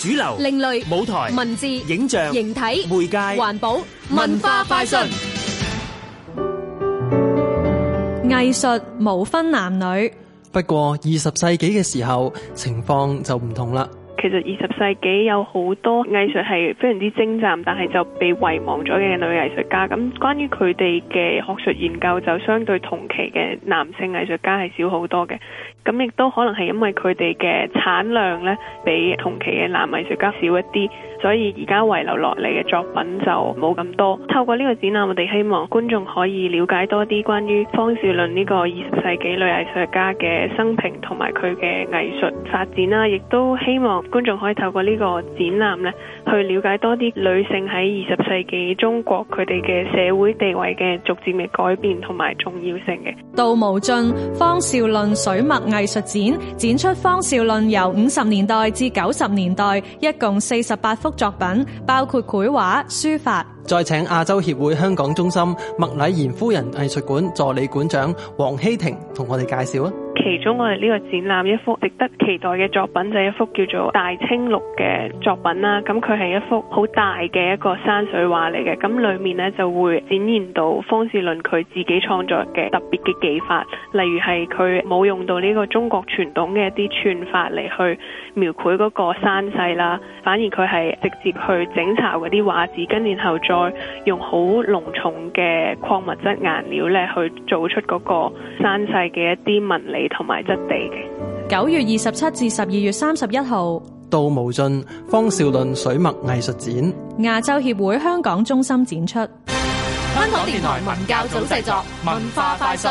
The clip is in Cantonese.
主流、另類舞台、文字、影像、形體、媒介、環保、文化快訊、藝術無分男女。不過二十世紀嘅時候，情況就唔同啦。其實二十世紀有好多藝術係非常之精湛，但係就被遺忘咗嘅女藝術家。咁關於佢哋嘅學術研究就相對同期嘅男性藝術家係少好多嘅。咁亦都可能係因為佢哋嘅產量呢，比同期嘅男藝術家少一啲，所以而家遺留落嚟嘅作品就冇咁多。透過呢個展覽，我哋希望觀眾可以了解多啲關於方少倫呢個二十世紀女藝術家嘅生平同埋佢嘅藝術發展啦，亦都希望。觀眾可以透過呢個展覽咧，去了解多啲女性喺二十世紀中國佢哋嘅社會地位嘅逐漸嘅改變同埋重要性嘅。道無盡方召麐水墨藝術展，展出方召麐由五十年代至九十年代一共四十八幅作品，包括繪畫、書法。再請亞洲協會香港中心麥禮賢夫人藝術館助理館長黃希婷同我哋介紹啊！其中我哋呢個展覽一幅值得期待嘅作品就係一幅叫做《大青綠》嘅作品啦。咁佢係一幅好大嘅一個山水畫嚟嘅。咁裏面咧就會展現到方士倫佢自己創作嘅特別嘅技法，例如係佢冇用到呢個中國傳統嘅一啲皴法嚟去描繪嗰個山勢啦，反而佢係直接去整巢啲畫紙，跟然後再用好濃重嘅礦物質顏料咧去做出嗰個山勢嘅一啲紋理。同埋質地嘅。九月二十七至十二月三十一號，道無盡方少倫水墨藝術展，亞洲協會香港中心展出。香港電台文教組製作，文化快訊。